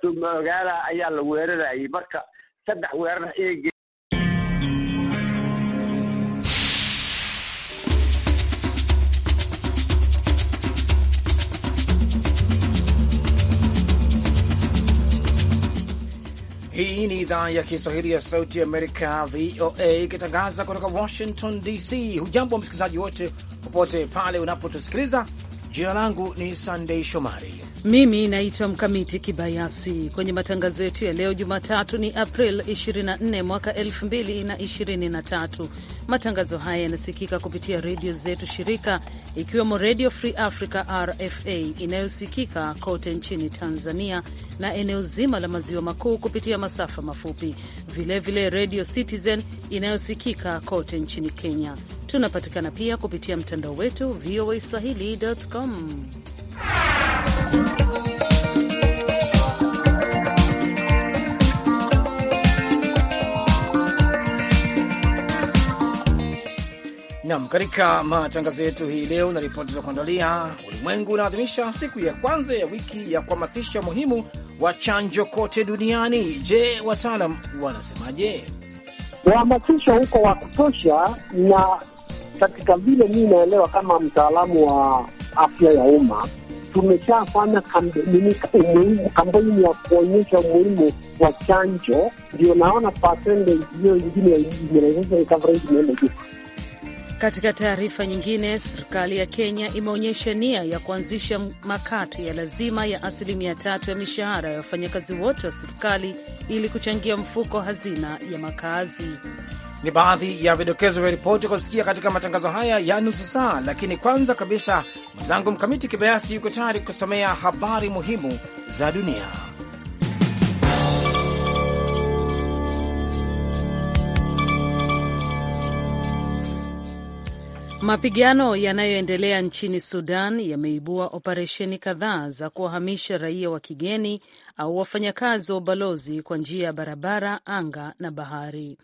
ayaa la marka saddex weerar ee Hii ni idhaa ya Kiswahili ya Sauti Amerika, VOA, ikitangaza kutoka Washington DC. Hujambo msikilizaji wote popote pale unapotusikiliza. Jina langu ni Sandei Shomari mimi naitwa Mkamiti Kibayasi. Kwenye matangazo yetu ya leo Jumatatu ni April 24 mwaka 2023. Matangazo haya yanasikika kupitia redio zetu shirika, ikiwemo Redio Free Africa RFA inayosikika kote nchini Tanzania na eneo zima la maziwa makuu kupitia masafa mafupi, vilevile Redio Citizen inayosikika kote nchini Kenya. Tunapatikana pia kupitia mtandao wetu voa swahili.com. Nam, katika matangazo yetu hii leo na ripoti za kuandalia, ulimwengu unaadhimisha siku ya kwanza ya wiki ya kuhamasisha umuhimu wa chanjo kote duniani. Je, wataalam wanasemaje? Uhamasisho huko wa kutosha, na katika vile mii naelewa kama mtaalamu wa afya ya umma tumeshafanya kampeni ya kuonyesha umuhimu wa chanjo, ndio naona pasende hiyo ingine imeenda juu. Katika taarifa nyingine, serikali ya Kenya imeonyesha nia ya kuanzisha makato ya lazima ya asilimia tatu ya mishahara ya wafanyakazi wote wa serikali ili kuchangia mfuko hazina ya makazi. Ni baadhi ya vidokezo vya ripoti kusikia katika matangazo haya ya nusu saa, lakini kwanza kabisa mwenzangu Mkamiti Kibayasi yuko tayari kusomea habari muhimu za dunia. Mapigano yanayoendelea nchini Sudan yameibua operesheni kadhaa za kuwahamisha raia wa kigeni au wafanyakazi wa ubalozi kwa njia ya barabara, anga na bahari.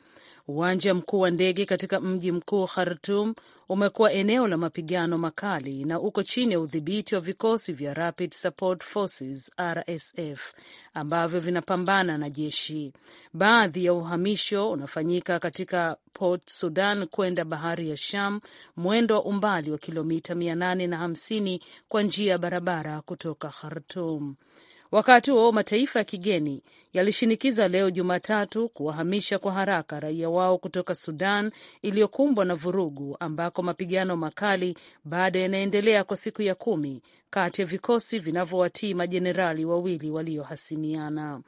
Uwanja mkuu wa ndege katika mji mkuu Khartum umekuwa eneo la mapigano makali na uko chini ya udhibiti wa vikosi vya Rapid Support Forces RSF ambavyo vinapambana na jeshi. Baadhi ya uhamisho unafanyika katika Port Sudan kwenda bahari ya Sham, mwendo wa umbali wa kilomita 850 kwa njia ya barabara kutoka Khartum. Wakati huo mataifa ya kigeni yalishinikiza leo Jumatatu kuwahamisha kwa haraka raia wao kutoka Sudan iliyokumbwa na vurugu, ambako mapigano makali bado yanaendelea kwa siku ya kumi kati ya vikosi vinavyowatii majenerali wawili waliohasimiana,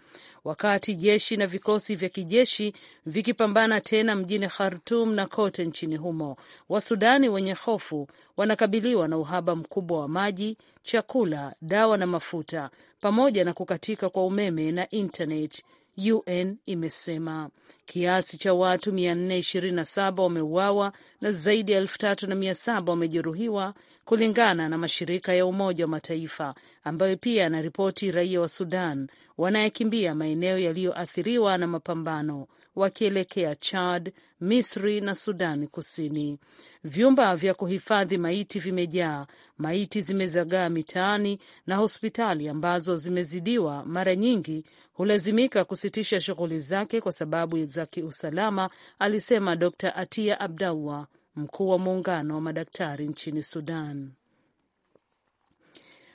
wakati jeshi na vikosi vya kijeshi vikipambana tena mjini Khartum na kote nchini humo. Wasudani wenye hofu wanakabiliwa na uhaba mkubwa wa maji, chakula, dawa na mafuta, pamoja na kukatika kwa umeme na intaneti Internet. UN imesema kiasi cha watu 427 wameuawa na zaidi ya 3700 wamejeruhiwa kulingana na mashirika ya Umoja wa Mataifa ambayo pia yanaripoti raia wa Sudan wanayekimbia maeneo yaliyoathiriwa na mapambano wakielekea Chad, Misri na Sudani Kusini. Vyumba vya kuhifadhi maiti vimejaa, maiti zimezagaa mitaani, na hospitali ambazo zimezidiwa mara nyingi hulazimika kusitisha shughuli zake kwa sababu za kiusalama, alisema Dr Atia Abdallah, mkuu wa muungano wa madaktari nchini Sudan.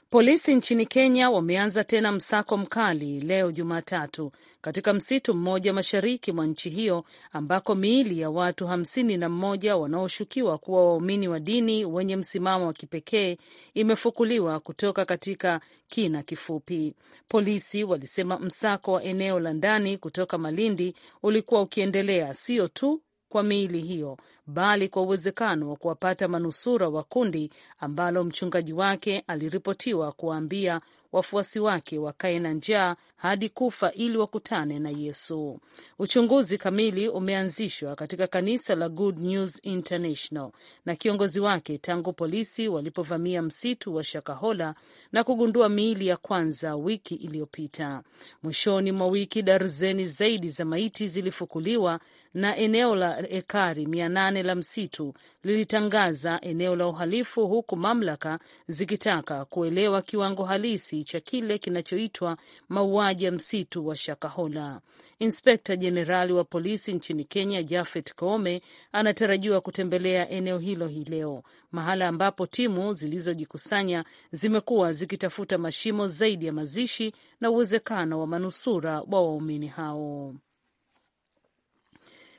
Polisi nchini Kenya wameanza tena msako mkali leo Jumatatu katika msitu mmoja mashariki mwa nchi hiyo ambako miili ya watu hamsini na mmoja wanaoshukiwa kuwa waumini wa dini wenye msimamo wa kipekee imefukuliwa kutoka katika kina kifupi. Polisi walisema msako wa eneo la ndani kutoka Malindi ulikuwa ukiendelea sio tu kwa miili hiyo, bali kwa uwezekano wa kuwapata manusura wa kundi ambalo mchungaji wake aliripotiwa kuwaambia wafuasi wake wakae na njaa hadi kufa ili wakutane na Yesu. Uchunguzi kamili umeanzishwa katika kanisa la Good News International na kiongozi wake tangu polisi walipovamia msitu wa Shakahola na kugundua miili ya kwanza wiki iliyopita. Mwishoni mwa wiki, darzeni zaidi za maiti zilifukuliwa na eneo la ekari mia nane la msitu lilitangaza eneo la uhalifu, huku mamlaka zikitaka kuelewa kiwango halisi cha kile kinachoitwa mauaji ya msitu wa Shakahola. Inspekta Jenerali wa polisi nchini Kenya Jafet Koome anatarajiwa kutembelea eneo hilo hii leo, mahala ambapo timu zilizojikusanya zimekuwa zikitafuta mashimo zaidi ya mazishi na uwezekano wa manusura wa waumini hao.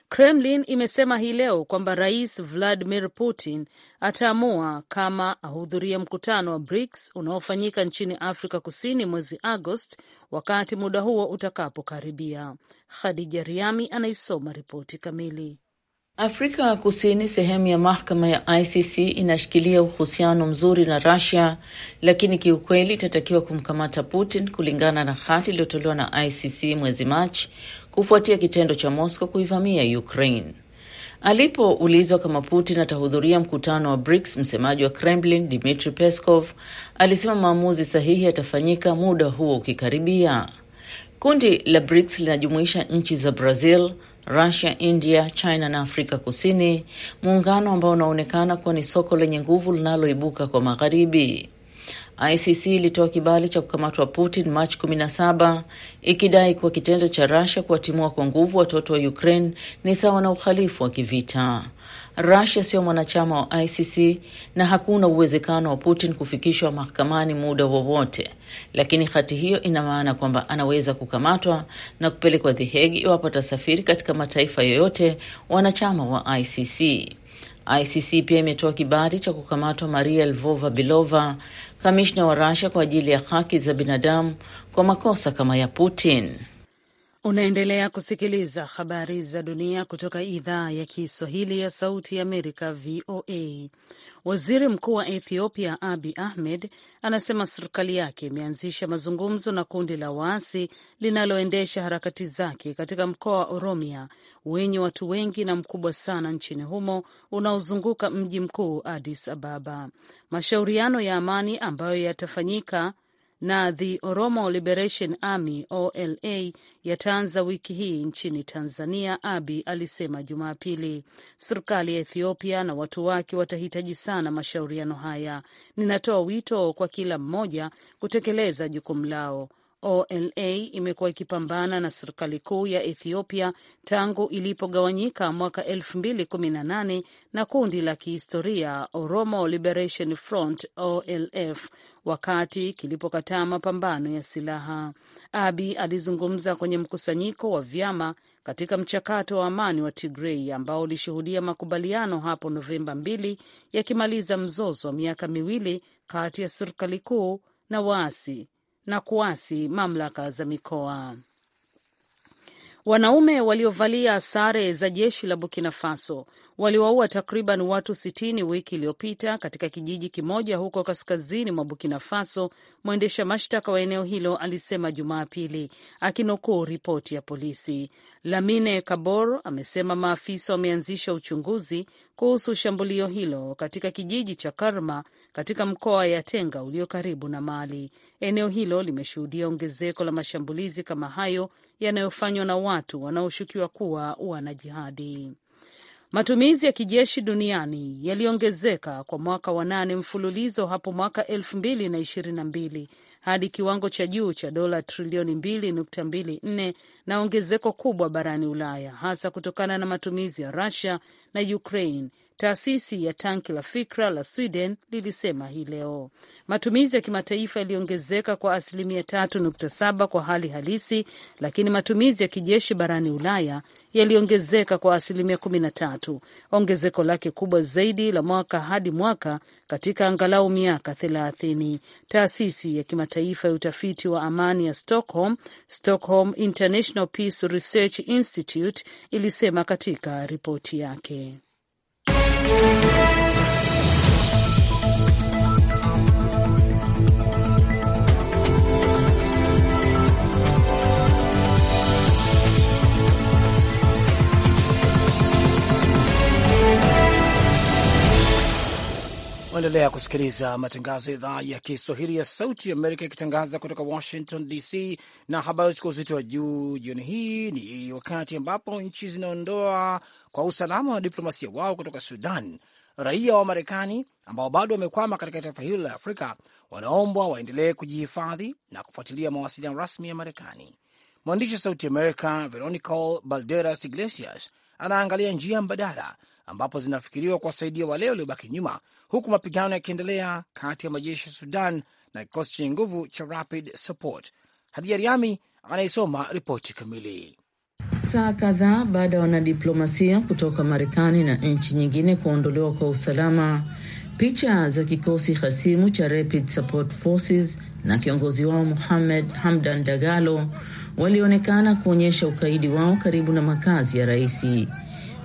Kremlin imesema hii leo kwamba Rais Vladimir Putin ataamua kama ahudhurie mkutano wa BRICS unaofanyika nchini Afrika Kusini mwezi Agosti wakati muda huo utakapokaribia. Khadija Riami anaisoma ripoti kamili. Afrika Kusini, sehemu ya mahakama ya ICC, inashikilia uhusiano mzuri na rusia lakini kiukweli itatakiwa kumkamata Putin kulingana na hati iliyotolewa na ICC mwezi Machi kufuatia kitendo cha Moscow kuivamia Ukraine. Alipoulizwa kama Putin atahudhuria mkutano wa BRICS, msemaji wa Kremlin Dmitry Peskov alisema maamuzi sahihi yatafanyika muda huo ukikaribia. Kundi la BRICS linajumuisha nchi za Brazil, Russia, India, China na Afrika Kusini, muungano ambao unaonekana kuwa ni soko lenye nguvu linaloibuka kwa magharibi. ICC ilitoa kibali cha kukamatwa Putin Machi 17 ikidai kuwa kitendo cha Russia kuwatimua kwa nguvu watoto wa Ukraine ni sawa na uhalifu wa kivita. Russia sio mwanachama wa ICC na hakuna uwezekano wa Putin kufikishwa mahakamani muda wowote, lakini hati hiyo ina maana kwamba anaweza kukamatwa na kupelekwa The Hague iwapo atasafiri katika mataifa yoyote wanachama wa ICC. ICC pia imetoa kibali cha kukamatwa Maria Lvova bilova kamishna wa Russia kwa ajili ya haki za binadamu kwa makosa kama ya Putin. Unaendelea kusikiliza habari za dunia kutoka idhaa ya Kiswahili ya Sauti ya Amerika, VOA. Waziri Mkuu wa Ethiopia Abi Ahmed anasema serikali yake imeanzisha mazungumzo na kundi la waasi linaloendesha harakati zake katika mkoa wa Oromia wenye watu wengi na mkubwa sana nchini humo unaozunguka mji mkuu Addis Ababa. Mashauriano ya amani ambayo yatafanyika na The Oromo Liberation Army OLA yataanza wiki hii nchini Tanzania, Abi alisema Jumapili. Serikali ya Ethiopia na watu wake watahitaji sana mashauriano haya. Ninatoa wito kwa kila mmoja kutekeleza jukumu lao. OLA imekuwa ikipambana na serikali kuu ya Ethiopia tangu ilipogawanyika mwaka 2018 na kundi la kihistoria Oromo Liberation Front OLF wakati kilipokataa mapambano ya silaha. Abi alizungumza kwenye mkusanyiko wa vyama katika mchakato wa amani wa Tigrei ambao ulishuhudia makubaliano hapo Novemba 2 yakimaliza mzozo wa miaka miwili kati ya serikali kuu na waasi na kuasi mamlaka za mikoa. Wanaume waliovalia sare za jeshi la Burkina Faso waliwaua takriban watu 60 wiki iliyopita katika kijiji kimoja huko kaskazini mwa Burkina Faso, mwendesha mashtaka wa eneo hilo alisema Jumapili akinukuu ripoti ya polisi. Lamine Kabor amesema maafisa wameanzisha uchunguzi kuhusu shambulio hilo katika kijiji cha Karma katika mkoa ya Tenga ulio karibu na Mali. Eneo hilo limeshuhudia ongezeko la mashambulizi kama hayo yanayofanywa na watu wanaoshukiwa kuwa wanajihadi. Matumizi ya kijeshi duniani yaliongezeka kwa mwaka wa nane mfululizo hapo mwaka elfu mbili na ishirini na mbili hadi kiwango cha juu cha dola trilioni mbili nukta mbili nne na ongezeko kubwa barani Ulaya, hasa kutokana na matumizi ya Rusia na Ukraine Taasisi ya tanki la fikra la Sweden lilisema hii leo. Matumizi ya kimataifa yaliongezeka kwa asilimia 3.7 kwa hali halisi, lakini matumizi ya kijeshi barani Ulaya yaliongezeka kwa asilimia 13, ongezeko lake kubwa zaidi la mwaka hadi mwaka katika angalau miaka 30. Taasisi ya kimataifa ya utafiti wa amani ya Stockholm, Stockholm International Peace Research Institute, ilisema katika ripoti yake. Unaendelea kusikiliza matangazo ya idhaa ya Kiswahili ya Sauti Amerika ikitangaza kutoka Washington DC. Na habari chukua uzito wa juu jioni hii ni wakati ambapo nchi zinaondoa kwa usalama wa diplomasia wao kutoka Sudan. Raia wa Marekani ambao bado wamekwama katika taifa hilo la Afrika wanaombwa waendelee kujihifadhi na kufuatilia mawasiliano rasmi ya Marekani. Mwandishi wa Sauti Amerika Veronical Balderas Iglesias anaangalia njia mbadala ambapo zinafikiriwa kuwasaidia wale waliobaki nyuma huku mapigano yakiendelea kati ya majeshi ya Sudan na kikosi chenye nguvu cha Rapid Support. Hadija Riami anayesoma ripoti kamili. Saa kadhaa baada ya wanadiplomasia kutoka Marekani na nchi nyingine kuondolewa kwa usalama, picha za kikosi hasimu cha Rapid Support Forces na kiongozi wao Mohamed Hamdan Dagalo walionekana kuonyesha ukaidi wao karibu na makazi ya raisi.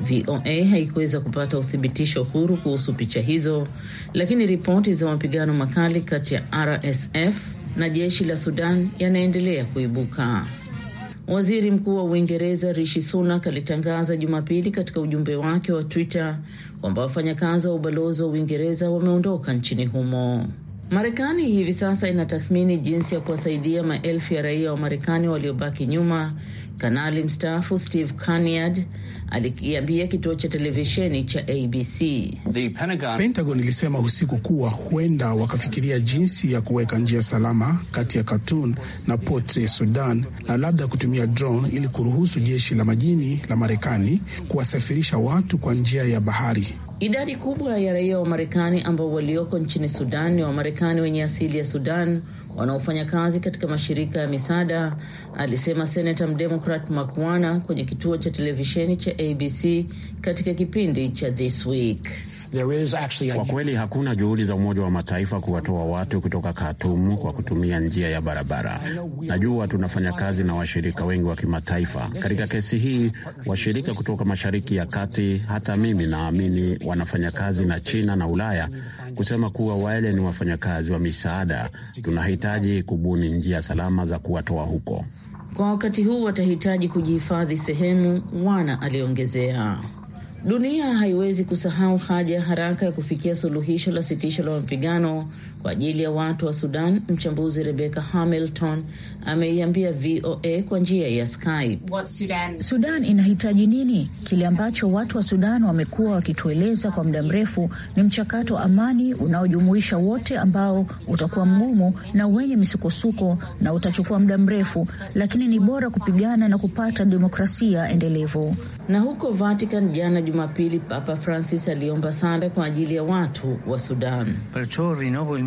VOA haikuweza kupata uthibitisho huru kuhusu picha hizo, lakini ripoti za mapigano makali kati ya RSF na jeshi la Sudan yanaendelea kuibuka. Waziri Mkuu wa Uingereza Rishi Sunak alitangaza Jumapili katika ujumbe wake wa Twitter kwamba wafanyakazi wa ubalozi wa Uingereza wameondoka nchini humo. Marekani hivi sasa inatathmini jinsi ya kuwasaidia maelfu ya raia wa Marekani waliobaki nyuma. Kanali mstaafu Steve Kaniad alikiambia kituo cha televisheni cha ABC. Pentagon, Pentagon ilisema usiku kuwa huenda wakafikiria jinsi ya kuweka njia salama kati ya Khartoum na Port Sudan na labda kutumia drone ili kuruhusu jeshi la majini la Marekani kuwasafirisha watu kwa njia ya bahari. Idadi kubwa ya raia wa Marekani ambao walioko nchini Sudan ni Wamarekani wenye asili ya Sudan wanaofanya kazi katika mashirika ya misaada, alisema senata mdemokrat Makwana kwenye kituo cha televisheni cha ABC katika kipindi cha This Week actually... Kwa kweli hakuna juhudi za Umoja wa Mataifa kuwatoa watu kutoka Khartoum kwa kutumia njia ya barabara. Najua tunafanya kazi na washirika wengi wa kimataifa katika kesi hii, washirika kutoka Mashariki ya Kati. Hata mimi naamini wanafanya kazi na China na Ulaya kusema kuwa wale ni wafanyakazi wa misaada. Tunahitaji kubuni njia salama za kuwatoa huko. Kwa wakati huu watahitaji kujihifadhi sehemu, Mwana aliongezea. Dunia haiwezi kusahau haja ya haraka ya kufikia suluhisho la sitisho la mapigano kwa ajili ya watu wa Sudan. Mchambuzi Rebecca Hamilton ameiambia VOA kwa njia ya Skype. Sudan? Sudan inahitaji nini? Kile ambacho watu wa Sudan wamekuwa wakitueleza kwa muda mrefu ni mchakato wa amani unaojumuisha wote, ambao utakuwa mgumu na wenye misukosuko na utachukua muda mrefu, lakini ni bora kupigana na kupata demokrasia endelevu. Na huko Vatican jana Jumapili, Papa Francis aliomba sare kwa ajili ya watu wa Sudan. Perciò rinnovo il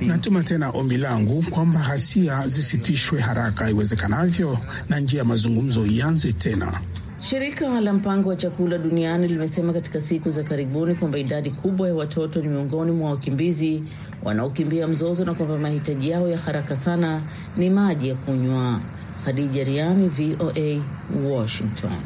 Natuma tena ombi langu kwamba ghasia zisitishwe haraka iwezekanavyo na njia ya mazungumzo ianze tena. Shirika la mpango wa chakula duniani limesema katika siku za karibuni kwamba idadi kubwa ya watoto ni miongoni mwa wakimbizi wanaokimbia mzozo na kwamba mahitaji yao ya haraka sana ni maji ya kunywa. Khadija Riami, VOA, Washington.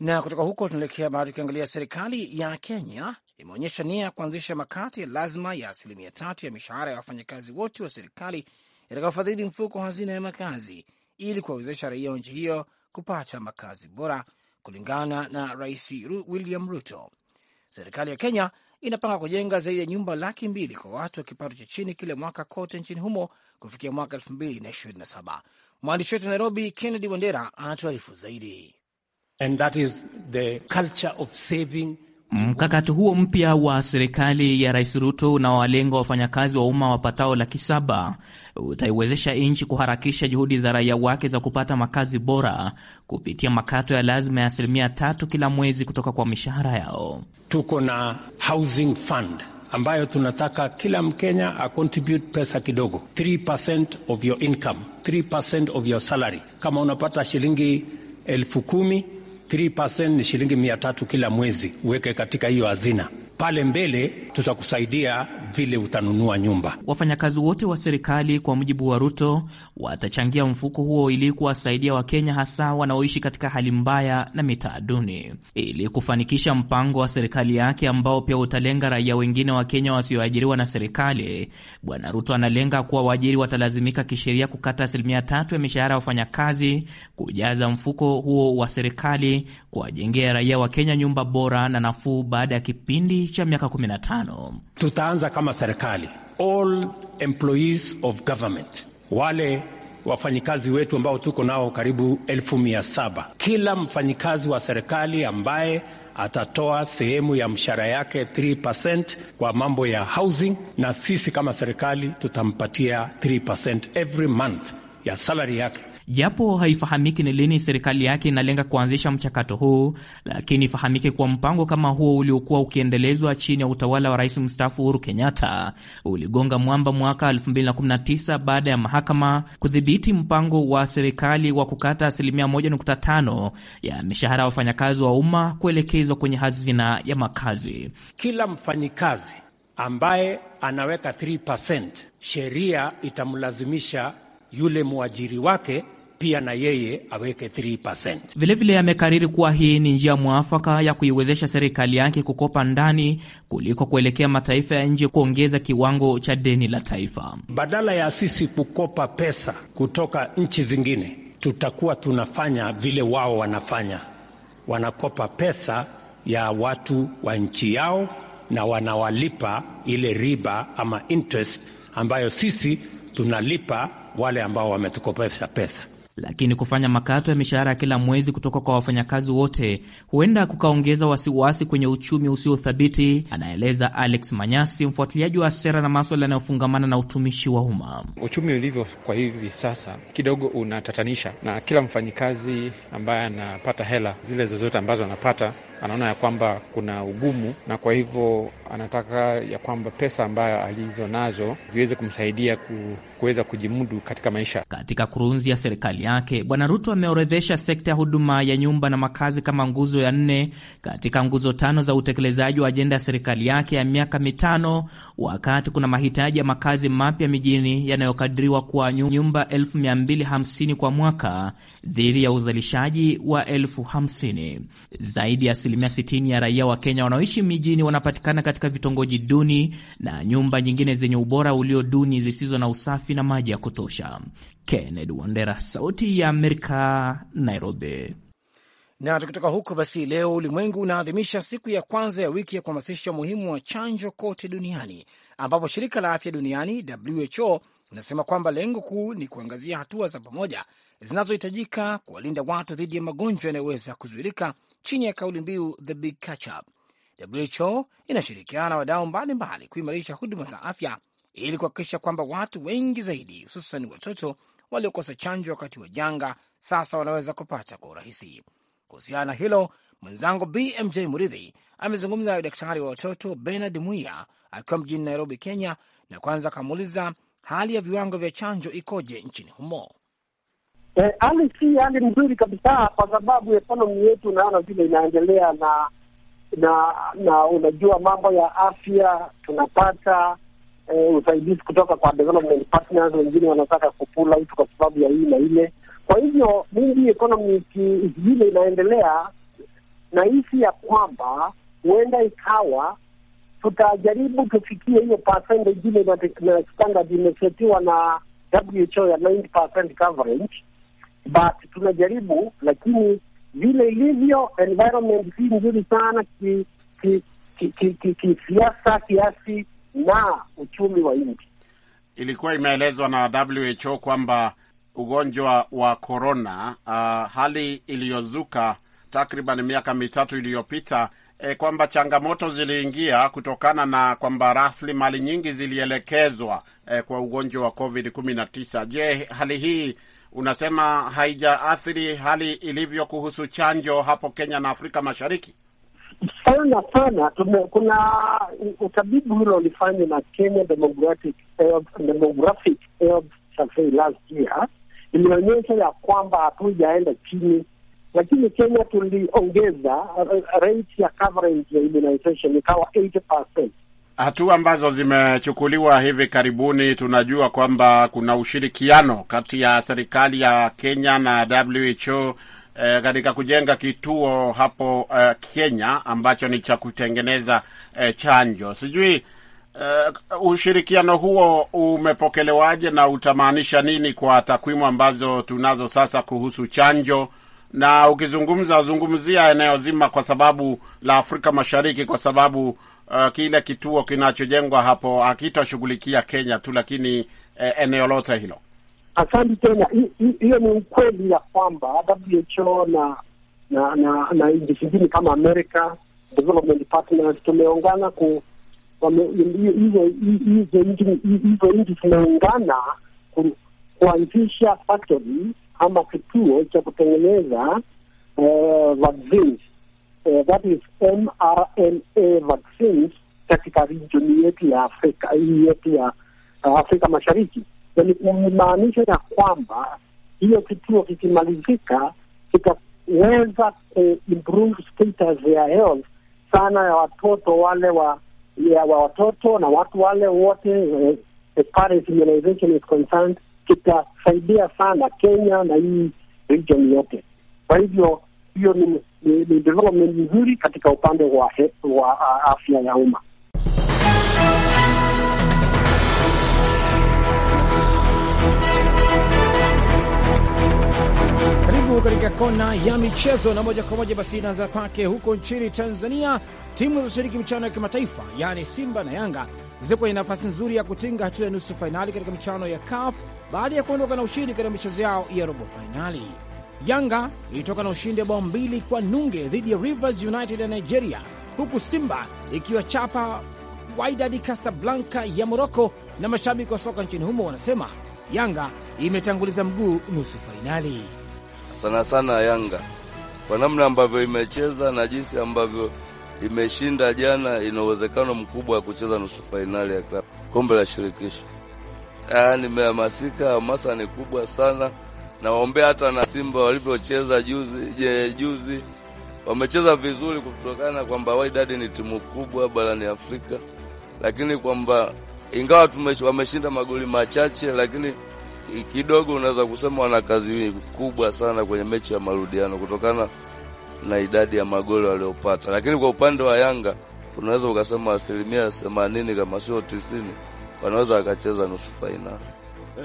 Na kutoka huko tunaelekea baada, tukiangalia serikali ya Kenya imeonyesha nia ya kuanzisha makati ya lazima ya asilimia tatu ya mishahara ya wafanyakazi wote wa serikali itakaofadhili mfuko wa hazina ya makazi ili kuwawezesha raia wa nchi hiyo kupata makazi bora, kulingana na Rais William Ruto. Serikali ya Kenya inapanga kujenga zaidi ya nyumba laki mbili kwa watu wa kipato cha chini kila mwaka kote nchini humo kufikia mwaka 2027. Mwandishi wetu Nairobi, Kennedy Wandera, anatuarifu zaidi. And that is the culture of saving Mkakati huo mpya wa serikali ya Rais Ruto unaowalenga wafanyakazi wa umma wapatao laki saba utaiwezesha nchi kuharakisha juhudi za raia wake za kupata makazi bora kupitia makato ya lazima ya asilimia tatu kila mwezi kutoka kwa mishahara yao. Tuko na housing fund ambayo tunataka kila Mkenya acontribute pesa kidogo, 3% of your income, 3% of your salary. Kama unapata shilingi elfu kumi 3% ni shilingi mia tatu kila mwezi, uweke katika hiyo hazina. Pale mbele tutakusaidia vile utanunua nyumba. Wafanyakazi wote wa serikali kwa mujibu wa Ruto watachangia mfuko huo ili kuwasaidia Wakenya hasa wanaoishi katika hali mbaya na mitaa duni, ili kufanikisha mpango wa serikali yake ambao pia utalenga raia wengine wa Kenya wasioajiriwa na serikali. Bwana Ruto analenga kuwa waajiri watalazimika kisheria kukata asilimia tatu ya mishahara ya wafanyakazi kujaza mfuko huo wa serikali kuwajengea raia wa Kenya nyumba bora na nafuu baada ya kipindi cha miaka 15 tutaanza kama serikali, all employees of government, wale wafanyikazi wetu ambao tuko nao karibu elfu mia saba. Kila mfanyikazi wa serikali ambaye atatoa sehemu ya mshahara yake 3% kwa mambo ya housing, na sisi kama serikali tutampatia 3% every month ya salary yake Japo haifahamiki ni lini serikali yake inalenga kuanzisha mchakato huu, lakini ifahamike kuwa mpango kama huo uliokuwa ukiendelezwa chini ya utawala wa rais mstaafu Uhuru Kenyatta uligonga mwamba mwaka 2019 baada ya mahakama kudhibiti mpango wa serikali wa kukata asilimia 1.5 ya mishahara ya wafanyakazi wa umma kuelekezwa kwenye hazina ya makazi. Kila mfanyikazi ambaye anaweka 3%, sheria itamlazimisha yule mwajiri wake pia na yeye aweke 3%. Vilevile amekariri kuwa hii ni njia mwafaka ya kuiwezesha serikali yake kukopa ndani kuliko kuelekea mataifa ya nje kuongeza kiwango cha deni la taifa. Badala ya sisi kukopa pesa kutoka nchi zingine, tutakuwa tunafanya vile wao wanafanya, wanakopa pesa ya watu wa nchi yao na wanawalipa ile riba ama interest ambayo sisi tunalipa wale ambao wametukopesha pesa lakini kufanya makato ya mishahara ya kila mwezi kutoka kwa wafanyakazi wote huenda kukaongeza wasiwasi kwenye uchumi usiothabiti, anaeleza Alex Manyasi, mfuatiliaji wa sera na maswala yanayofungamana na utumishi wa umma. Uchumi ulivyo kwa hivi sasa kidogo unatatanisha, na kila mfanyikazi ambaye anapata hela zile zozote ambazo anapata anaona ya kwamba kuna ugumu, na kwa hivyo anataka ya kwamba pesa ambayo alizo nazo ziweze kumsaidia kuweza kujimudu katika maisha. Katika kurunzi ya serikali yake, Bwana Ruto ameorodhesha sekta ya huduma ya nyumba na makazi kama nguzo ya nne katika nguzo tano za utekelezaji wa ajenda ya serikali yake ya miaka mitano, wakati kuna mahitaji ya makazi mapya mijini yanayokadiriwa kuwa nyumba elfu mia mbili hamsini kwa mwaka dhidi ya uzalishaji wa elfu hamsini. Zaidi ya asilimia 60 ya raia wa Kenya wanaoishi mijini wanapatikana katika vitongoji duni na nyumba nyingine zenye ubora ulio duni zisizo na usafi na maji ya kutosha. Kennedy Wandera, Sauti Sauti ya Amerika, Nairobi. Na tukitoka huko basi, leo ulimwengu unaadhimisha siku ya kwanza ya wiki ya kuhamasisha umuhimu wa chanjo kote duniani, ambapo shirika la afya duniani WHO linasema kwamba lengo kuu ni kuangazia hatua za pamoja zinazohitajika kuwalinda watu dhidi ya magonjwa yanayoweza kuzuilika chini ya kauli mbiu the big catch up. WHO inashirikiana na wadau mbalimbali kuimarisha huduma za afya ili kuhakikisha kwamba watu wengi zaidi, hususan watoto, waliokosa chanjo wakati wa janga sasa wanaweza kupata kwa urahisi. Kuhusiana na hilo, mwenzangu BMJ Muridhi amezungumza na daktari wa watoto Benard Mwiya akiwa mjini Nairobi, Kenya, na kwanza akamuuliza hali ya viwango vya chanjo ikoje nchini humo. Eh, hali si hali mzuri kabisa, kwa sababu ekonomi yetu unaona vile inaendelea na na na unajua mambo ya afya tunapata eh, usaidizi kutoka kwa development partners, wengine wanataka kupula out kwa sababu ya hii na ile. Kwa hivyo mingi economy vile inaendelea, na hisi ya kwamba huenda ikawa tutajaribu tufikie hiyo percentage ile na standard imesetiwa na WHO ya 90% coverage, but tunajaribu, lakini vile ilivyo environment si nzuri sana kisiasa ki, ki, ki, ki, kiasi na uchumi wa nchi. Ilikuwa imeelezwa na WHO kwamba ugonjwa wa korona, uh, ah, hali iliyozuka takriban miaka mitatu iliyopita E, kwamba changamoto ziliingia kutokana na kwamba rasilimali nyingi zilielekezwa e, kwa ugonjwa wa Covid 19. Je, hali hii unasema haijaathiri hali ilivyo kuhusu chanjo hapo Kenya na Afrika Mashariki? Sana sana kuna utabibu hilo ulifanywa na Kenya Demographic, eh, Demographic Health Survey last year, ilionyesha ya kwamba hatujaenda chini, lakini Kenya tuliongeza rate ya coverage ya immunization ikawa 80%. Hatua ambazo zimechukuliwa hivi karibuni, tunajua kwamba kuna ushirikiano kati ya serikali ya Kenya na WHO eh, katika kujenga kituo hapo eh, Kenya ambacho ni cha kutengeneza eh, chanjo. Sijui eh, ushirikiano huo umepokelewaje na utamaanisha nini kwa takwimu ambazo tunazo sasa kuhusu chanjo na ukizungumza zungumzia eneo zima kwa sababu la Afrika Mashariki, kwa sababu uh, kile kituo kinachojengwa hapo hakitashughulikia Kenya tu, lakini eh, eneo lote hilo. Asante tena. Hiyo ni ukweli ya kwamba WHO na na na, na nchi zingine kama America Development Partners tumeongana ku hizo nchi zimeungana kuanzisha factory ama kituo cha kutengeneza eh, vaccines, eh, that is mRNA vaccines katika region yetu ya Afrika yetu ya Afrika Mashariki. Yaani maanisho ya kwamba hiyo kituo kikimalizika kitaweza kuimprove status ya health sana ya watoto wale wa ya wa watoto na watu wale wote eh, as immunization is concerned, kitasaidia sana Kenya na hii region yote. Kwa hivyo hiyo ni development nzuri katika upande wa afya ya umma. katika kona ya michezo na moja kwa moja basi inaanza kwake huko nchini Tanzania. Timu zinazoshiriki michuano ya kimataifa yaani Simba na Yanga zipo kwenye nafasi nzuri ya kutinga hatua ya nusu fainali katika michuano ya CAF baada ya kuondoka na ushindi katika michezo yao ya robo fainali. Yanga ilitoka na ushindi wa bao mbili kwa nunge dhidi ya Rivers United ya Nigeria, huku Simba ikiwachapa Wydad Casablanca ya Moroko, na mashabiki wa soka nchini humo wanasema Yanga imetanguliza mguu nusu fainali sana sana Yanga kwa namna ambavyo imecheza na jinsi ambavyo imeshinda jana, ina uwezekano mkubwa wa kucheza nusu fainali ya klabu kombe la shirikisho. Ah, nimehamasika, hamasa ni kubwa sana. Nawaombea hata na Simba walivyocheza juzi, je, juzi wamecheza vizuri kutokana kwamba Wydad ni timu kubwa barani Afrika, lakini kwamba ingawa wameshinda magoli machache, lakini kidogo unaweza kusema wana kazi kubwa sana kwenye mechi ya marudiano kutokana na idadi ya magoli waliopata, lakini kwa upande wa Yanga unaweza ukasema asilimia themanini kama sio tisini wanaweza wakacheza nusu fainali.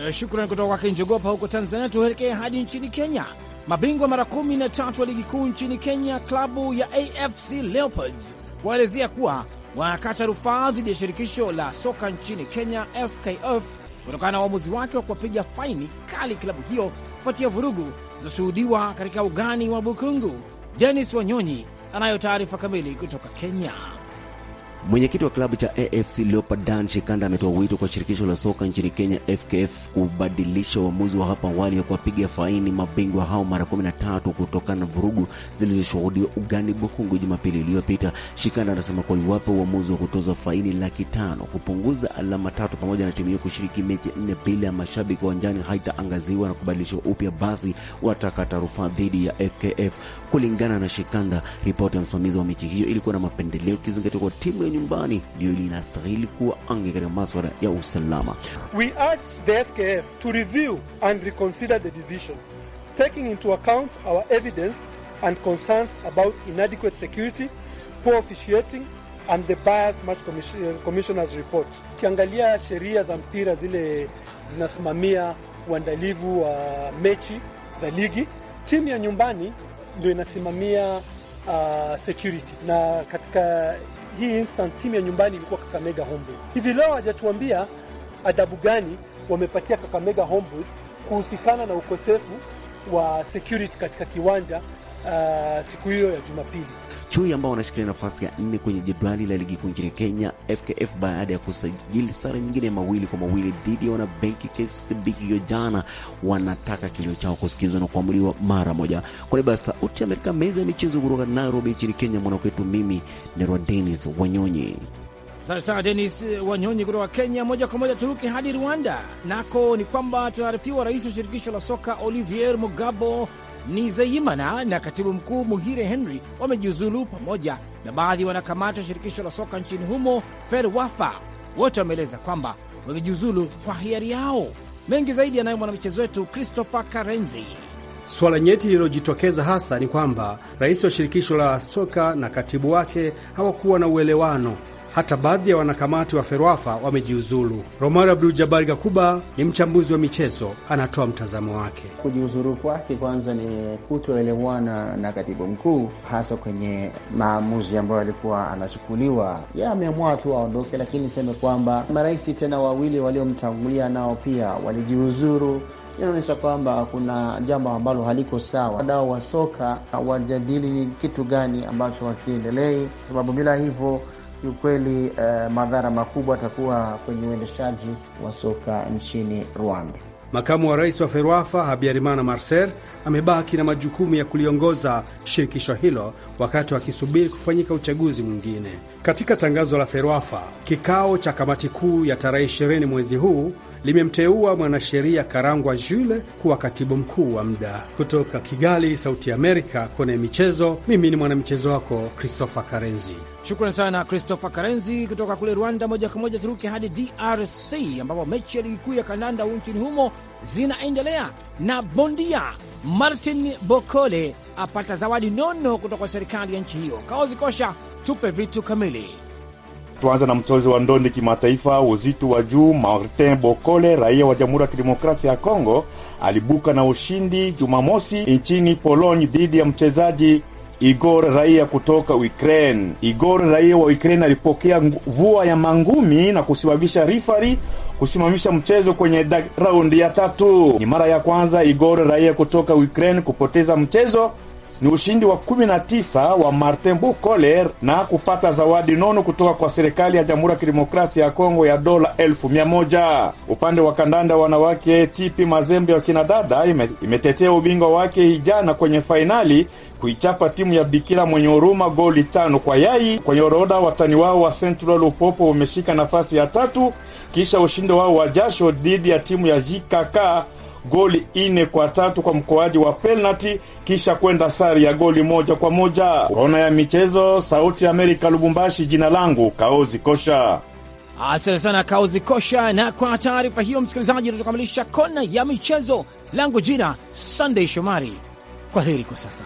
Uh, shukrani kutoka kwake Njogopa huko Tanzania. Tuelekee hadi nchini Kenya. Mabingwa mara kumi na tatu wa ligi kuu nchini Kenya, klabu ya AFC Leopards waelezea kuwa wanakata rufaa dhidi ya shirikisho la soka nchini Kenya, FKF kutokana na uamuzi wake wa kuwapiga faini kali klabu hiyo kufuatia vurugu zilizoshuhudiwa katika ugani wa Bukungu. Denis Wanyonyi anayo taarifa kamili kutoka Kenya. Mwenyekiti wa klabu cha AFC Leopard Dan Shikanda ametoa wito kwa shirikisho la soka nchini Kenya FKF kubadilisha uamuzi wa hapo awali ya kuwapiga faini mabingwa hao mara 13 kutokana na vurugu zilizoshuhudiwa ugani Buhungu Jumapili iliyopita. Shikanda anasema kwa iwapo uamuzi wa kutoza faini laki tano kupunguza alama tatu pamoja na timu hiyo kushiriki mechi nne bila ya mashabiki uwanjani haitaangaziwa na kubadilishwa upya, basi watakata rufaa dhidi ya FKF. Kulingana na Shikanda, ripoti ya msimamizi wa mechi hiyo ilikuwa na mapendeleo, ikizingatiwa kwa timu nyumbani ndiyo linastahili kuwa ange katika maswala ya usalama. We urge the FKF to review and reconsider the decision taking into account our evidence and concerns about inadequate security, poor officiating and the bias match commissioner's report. Ukiangalia sheria za mpira zile zinasimamia uandalivu wa mechi za ligi, timu ya nyumbani ndio inasimamia uh, security na katika hii instant timu ya nyumbani ilikuwa Kakamega Homeboys. Hivi leo hajatuambia adabu gani wamepatia Kakamega Homeboys kuhusikana na ukosefu wa security katika kiwanja uh, siku hiyo ya Jumapili. Chui ambao wanashikilia nafasi ya nne kwenye jedwali la ligi kuu nchini Kenya FKF baada ya kusajili sare nyingine mawili kwa mawili dhidi ya wanabenki KCB hiyo jana, wanataka kilio chao kusikizwa na kuamuliwa mara moja. Kwa niaba ya Sauti ya Amerika, meza ya michezo kutoka Nairobi nchini Kenya, mwanakwetu, mimi Nerwa Denis Wanyonyi. Asante sana Denis Wanyonyi kutoka Kenya. Moja kwa moja turuke hadi Rwanda, nako ni kwamba tunaarifiwa rais wa shirikisho la soka Olivier Mugabo ni Zeyimana na katibu mkuu Muhire Henry wamejiuzulu pamoja na baadhi wanakamata shirikisho la soka nchini humo FERWAFA. Wote wameeleza kwamba wamejiuzulu kwa hiari yao. Mengi zaidi yanayo mwanamichezo wetu Christopher Karenzi. Swala nyeti lililojitokeza hasa ni kwamba rais wa shirikisho la soka na katibu wake hawakuwa na uelewano hata baadhi ya wanakamati wa FERWAFA wamejiuzulu. Romar Abdul Jabari Gakuba ni mchambuzi wa michezo, anatoa mtazamo wake. Kujiuzuru kwake kwanza ni kutoelewana na katibu mkuu, hasa kwenye maamuzi ambayo alikuwa anachukuliwa. Ye ameamua tu aondoke, lakini niseme kwamba marais tena wawili waliomtangulia nao pia walijiuzuru inaonyesha kwamba kuna jambo ambalo haliko sawa. Wadau wa soka wajadili kitu gani ambacho wakiendelei, kwa sababu bila hivyo kiukweli, uh, madhara makubwa atakuwa kwenye uendeshaji wa soka nchini Rwanda. Makamu wa rais wa FERWAFA Habyarimana Marcel amebaki na majukumu ya kuliongoza shirikisho hilo wakati wakisubiri kufanyika uchaguzi mwingine. Katika tangazo la FERWAFA, kikao cha kamati kuu ya tarehe 20 mwezi huu limemteua mwanasheria Karangwa Jule kuwa katibu mkuu wa muda. Kutoka Kigali, Sauti Amerika, kone michezo, mimi ni mwanamichezo wako Christopher Karenzi. Shukrani sana Christopher Karenzi kutoka kule Rwanda. Moja kwa moja turuke hadi DRC ambapo mechi ya ligi kuu ya kandanda nchini humo zinaendelea na bondia Martin Bokole apata zawadi nono kutoka kwa serikali ya nchi hiyo. Kaozi Kosha, tupe vitu kamili. Tuanza na mtozi wa ndondi kimataifa uzito wa juu Martin Bokole, raia wa Jamhuri ya Kidemokrasia ya Kongo, alibuka na ushindi Jumamosi nchini pologne dhidi ya mchezaji Igor raia kutoka Ukraine. Igor raia wa Ukraine alipokea vua ya mangumi na kusababisha rifari kusimamisha mchezo kwenye raundi ya tatu. Ni mara ya kwanza Igor raia kutoka Ukraine kupoteza mchezo ni ushindi wa 19 wa Martin Bukoler na kupata zawadi nono kutoka kwa serikali ya Jamhuri ya Kidemokrasia ya Kongo ya dola elfu mia moja. Upande wa kandanda wanawake, TP Mazembe ya kinadada imetetea ubingwa wake hijana kwenye fainali kuichapa timu ya Bikira mwenye huruma goli tano kwa yai. Kwenye orodha watani wao wa Central Upopo wameshika nafasi ya tatu kisha ushindi wao wa jasho dhidi ya timu ya JKK goli ine kwa tatu kwa mkoaji wa penalti kisha kwenda sari ya goli moja kwa moja. Kona ya michezo, Sauti ya Amerika, Lubumbashi. Jina langu Kaozi Kosha. Asante sana Kaozi Kosha, na kwa taarifa hiyo msikilizaji, tunakamilisha kona ya michezo. Langu jina Sunday Shomari, kwa heri kwa sasa.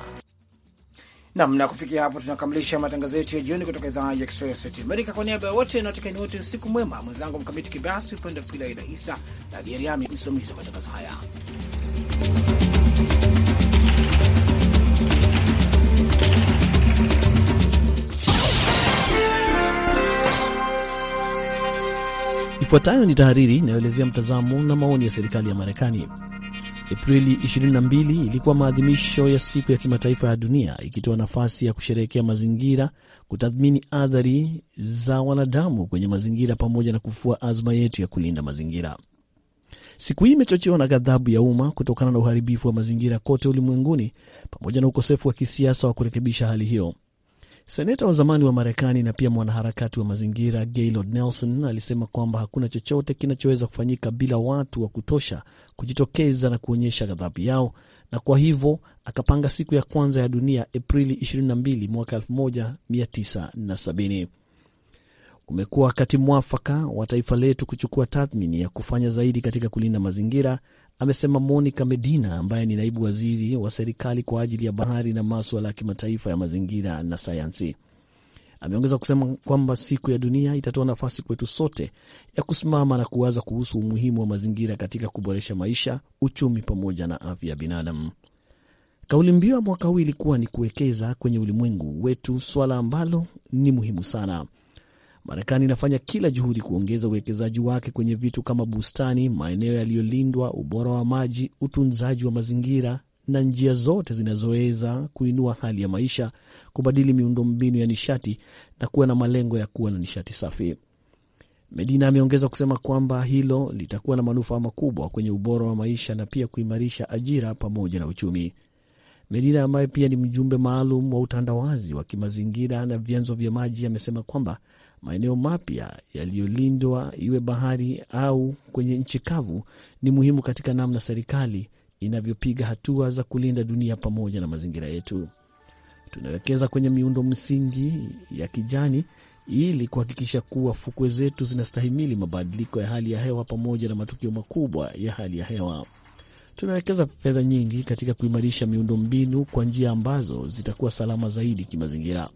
Nam na kufikia hapo tunakamilisha matangazo yetu ya jioni kutoka idhaa ya Kiswahili ya Sauti Amerika. Kwa niaba ya wote naotekani wote, usiku mwema. Mwenzangu Mkamiti Kibasi, upande wa pili Aida Isa na Dieriami, msimamizi wa matangazo haya. Ifuatayo ni tahariri inayoelezea mtazamo na maoni ya serikali ya Marekani. Aprili 22 ilikuwa maadhimisho ya siku ya kimataifa ya dunia, ikitoa nafasi ya kusherehekea mazingira, kutathmini athari za wanadamu kwenye mazingira, pamoja na kufua azma yetu ya kulinda mazingira. Siku hii imechochewa na ghadhabu ya umma kutokana na uharibifu wa mazingira kote ulimwenguni, pamoja na ukosefu wa kisiasa wa kurekebisha hali hiyo. Seneta wa zamani wa Marekani na pia mwanaharakati wa mazingira Gaylord Nelson alisema kwamba hakuna chochote kinachoweza kufanyika bila watu wa kutosha kujitokeza na kuonyesha ghadhabu yao, na kwa hivyo akapanga siku ya kwanza ya dunia Aprili 22 mwaka 1970. wakati mwafaka wa taifa letu kuchukua tathmini ya kufanya zaidi katika kulinda mazingira, amesema Monica Medina ambaye ni naibu waziri wa serikali kwa ajili ya bahari na maswala ya kimataifa ya mazingira na sayansi. Ameongeza kusema kwamba siku ya dunia itatoa nafasi kwetu sote ya kusimama na kuwaza kuhusu umuhimu wa mazingira katika kuboresha maisha, uchumi pamoja na afya ya binadamu. Kauli mbiu ya mwaka huu ilikuwa ni kuwekeza kwenye ulimwengu wetu, swala ambalo ni muhimu sana Marekani inafanya kila juhudi kuongeza uwekezaji wake kwenye vitu kama bustani, maeneo yaliyolindwa, ubora wa maji, utunzaji wa mazingira na njia zote zinazoweza kuinua hali ya maisha, kubadili miundombinu ya nishati na kuwa na malengo ya kuwa na nishati safi. Medina ameongeza kusema kwamba hilo litakuwa na manufaa makubwa kwenye ubora wa maisha na pia kuimarisha ajira pamoja na uchumi. Medina ambaye pia ni mjumbe maalum wa utandawazi wa kimazingira na vyanzo vya maji amesema kwamba maeneo mapya yaliyolindwa, iwe bahari au kwenye nchi kavu, ni muhimu katika namna serikali inavyopiga hatua za kulinda dunia pamoja na mazingira yetu. Tunawekeza kwenye miundo msingi ya kijani ili kuhakikisha kuwa fukwe zetu zinastahimili mabadiliko ya hali ya hewa pamoja na matukio makubwa ya hali ya hewa. Tunawekeza fedha nyingi katika kuimarisha miundo mbinu kwa njia ambazo zitakuwa salama zaidi kimazingira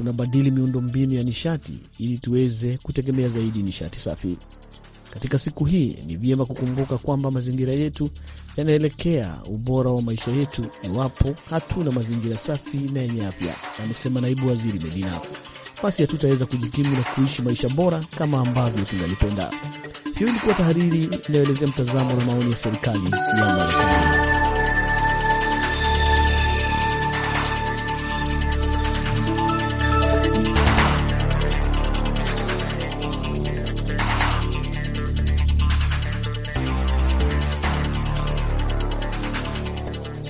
tunabadili miundo mbinu ya nishati ili tuweze kutegemea zaidi nishati safi. Katika siku hii ni vyema kukumbuka kwamba mazingira yetu yanaelekea ubora wa maisha yetu iwapo hatuna mazingira safi na yenye afya, amesema naibu waziri Medina. Basi hatutaweza kujikimu na kuishi maisha bora kama ambavyo tunalipenda. Hiyo ilikuwa tahariri inayoelezea mtazamo na maoni ya serikali ya Marekani.